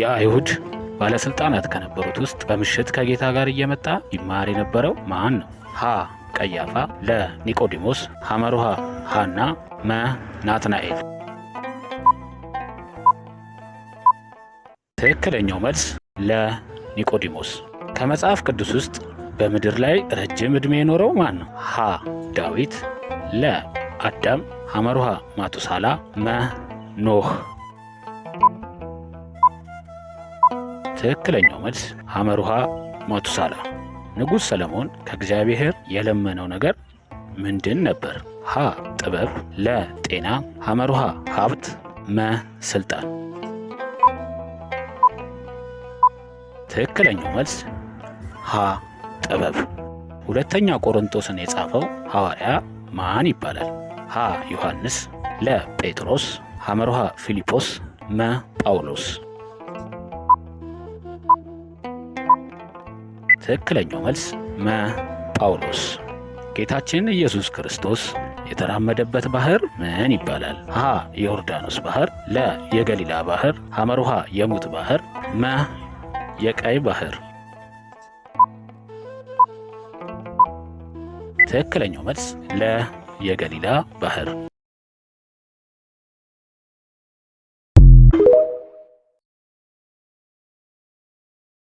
የአይሁድ ባለስልጣናት ከነበሩት ውስጥ በምሽት ከጌታ ጋር እየመጣ ይማር የነበረው ማን ነው? ሀ ቀያፋ፣ ለ ኒቆዲሞስ፣ ሐመሩሃ ሃና መ ናትናኤል። ትክክለኛው መልስ ለ ኒቆዲሞስ። ከመጽሐፍ ቅዱስ ውስጥ በምድር ላይ ረጅም ዕድሜ የኖረው ማን ነው? ሀ ዳዊት፣ ለ አዳም፣ ሐመሩሃ ማቱሳላ፣ መ ኖህ ትክክለኛው መልስ ሐመሩሃ ማቱሳላ። ንጉሥ ሰለሞን ከእግዚአብሔር የለመነው ነገር ምንድን ነበር? ሀ ጥበብ፣ ለ ጤና፣ ሐመሩሃ ሀብት፣ መ ስልጣን። ትክክለኛው መልስ ሀ ጥበብ። ሁለተኛ ቆሮንቶስን የጻፈው ሐዋርያ ማን ይባላል? ሀ ዮሐንስ፣ ለ ጴጥሮስ፣ ሐመሩሃ ፊልጶስ፣ መ ጳውሎስ ትክክለኛው መልስ መ ጳውሎስ። ጌታችን ኢየሱስ ክርስቶስ የተራመደበት ባህር ምን ይባላል? ሀ የዮርዳኖስ ባህር፣ ለ የገሊላ ባህር፣ ሐመሩሃ የሙት ባህር፣ መ የቀይ ባህር። ትክክለኛው መልስ ለ የገሊላ ባህር